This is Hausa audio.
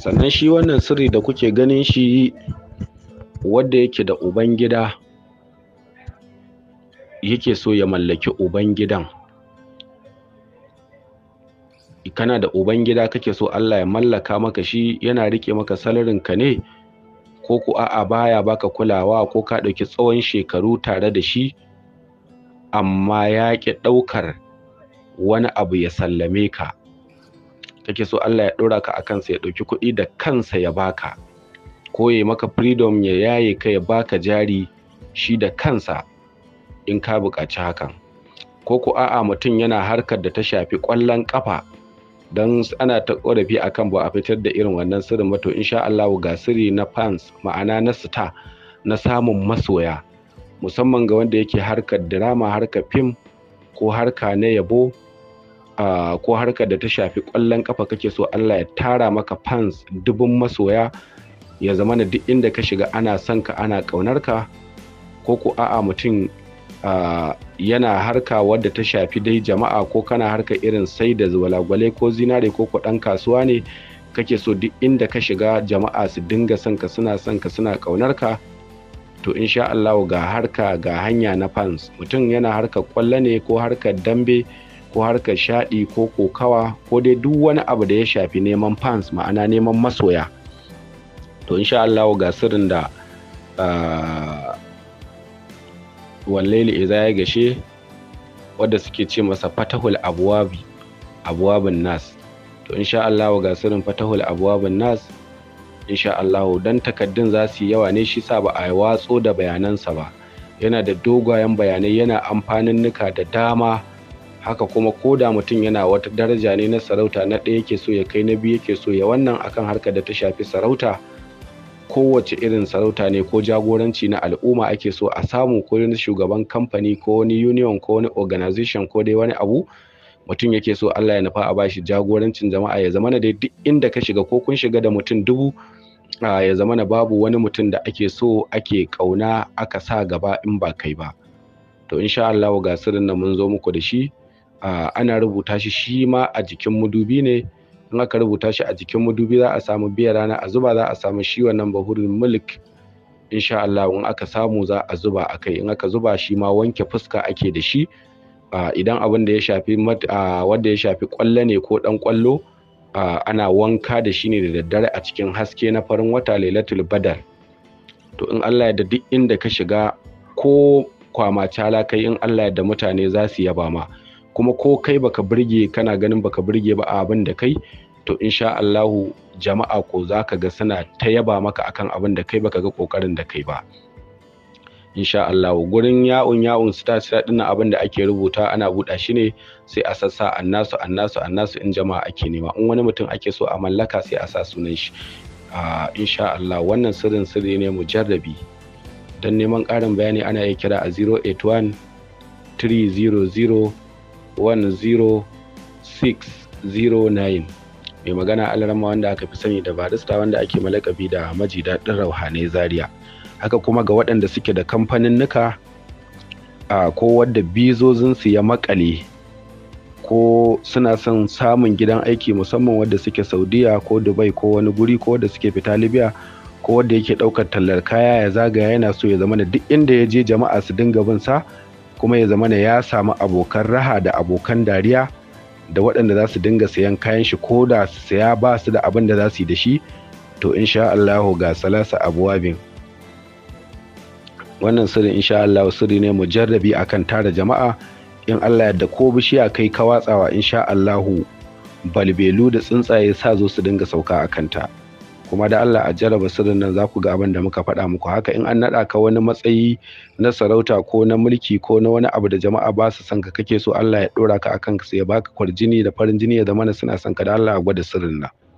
sannan shi wannan sirri da kuke ganin shi wadda yake da ubangida yake so ya mallaki ubangidan kana da ubangida kake so Allah ya mallaka maka shi yana rike maka salarin ka ne ko ku a'a baya baka kulawa ko ka ɗauki tsawon shekaru tare da shi amma ya ƙi ɗaukar wani abu ya sallame ka kake so Allah ya ɗora ka a kansa ya ɗauki kuɗi da kansa ya baka ko ya maka freedom ya yaye ka ya baka jari shi da kansa in ka buƙaci hakan ko ku a'a mutum yana harkar da ta shafi ƙwallon ƙafa don ana ta ƙorafi akan ba a fitar da irin wannan sirrin ba to insha Allah ga sirri na fans ma'ana na star na samun masoya musamman ga wanda yake harkar drama harkar fim ko harka na yabo ko harkar da ta shafi ƙwallon ƙafa kake so Allah ya tara maka fans dubun masoya ya zama na duk inda ka shiga ana son ka ana ƙaunar ka ko ko a'a mutum yana harka wadda ta shafi dai jama'a ko kana harka irin sai da zuwalagwale ko zinare ko ɗan kasuwa ne kake so duk inda ka shiga jama'a su dinga son ka suna son ka suna ƙaunar ka to insha Allah ga harka ga hanya na fans mutum yana harka ƙwallo ne ko harka dambe ko harkar shaɗi ko kokawa ko dai duk wani abu da ya shafi neman fans ma'ana neman masoya to insha Allah ga sirrin da ah, wallaili iza ya gashe wadda suke ce masa fatahul abuwabi abuwabin nas to insha Allah ga sirrin fatahul abuwabin nas insha Allah dan takaddun za su yi yawa ne shi sa ba a watso da bayanansa ba yana da dogayen bayanai yana amfanin nuka da dama haka kuma ko da mutum yana wata daraja ne na sarauta na ɗaya yake so ya kai na biyu yake so ya wannan akan harkar da ta shafi sarauta kowace irin sarauta ne ko jagoranci na al'umma ake so a samu ko wani shugaban kamfani ko wani union ko wani organization ko dai wani abu mutum yake so Allah ya nufa a bashi jagorancin jama'a ya zamana dai duk inda ka shiga ko kun shiga da mutum dubu ya zamana babu wani mutum da ake so ake kauna aka sa gaba in ba kai ba to insha Allah ga sirrin nan mun zo muku da shi ana rubuta shi shi ma a jikin madubi ne in aka rubuta shi a jikin madubi za a samu biyan rana a zuba za a samu shi wannan bahurin mulk insha Allah in aka samu za a zuba a kai in aka zuba shi ma wanke fuska ake da shi idan abin da ya shafi wanda ya shafi kwallo ne ko dan kwallo ana wanka da shi ne da daddare a cikin haske na farin wata lailatul badar to in Allah ya da duk inda ka shiga ko kwama kai in Allah ya da mutane za su yaba ma kuma ko kai baka burge kana ganin baka burge ba a abin da kai to insha Allahu jama'a ko za ka ga suna ta yaba maka akan abin da kai baka ga kokarin da kai ba insha Allahu gurin ya'un ya'un star sita dinnan abin da ake rubuta ana buɗa shi ne sai a sassa annasu annasu annasu in jama'a ake nema in wani mutum ake so a mallaka sai a sa sunan shi insha Allah wannan sirrin sirri ne mu jarrabi dan neman ƙarin bayani ana iya kira a 081 300 10609 mai magana alarama wanda aka fi sani da barista wanda ake malakabi da maji daɗin rauhanai zaria haka kuma ga waɗanda suke da kamfanin nuka a ko wadda bizozinsu ya makale ko suna son samun gidan aiki musamman wadda suke saudiya ko dubai ko wani guri ko wadda suke fita libya ko wadda yake ɗaukar tallar kaya ya zagaya yana so ya zama da duk inda ya je jama'a su dinga bin sa kuma ya zamana ya samu abokan raha da abokan dariya da waɗanda za su dinga sayan kayan shi ko da su saya ba su da abin da za su yi da shi to insha Allah ga salasa abuwabin wannan sirri insha Allah sirri ne mu jarrabi akan tara jama'a in Allah yadda ko bishiya kai ka watsawa insha Allahu balbelu da tsuntsaye sa zo su dinga sauka a kanta kuma da Allah a jarraba sirrin nan za ku ga abin da muka faɗa muku haka in an naɗa ka wani matsayi na sarauta ko na mulki ko na wani abu da jama'a ba su san ka kake so Allah ya ɗora ka akan ka sai ya baka kwarjini da farin jini ya zama suna son ka da Allah a gwada sirrin nan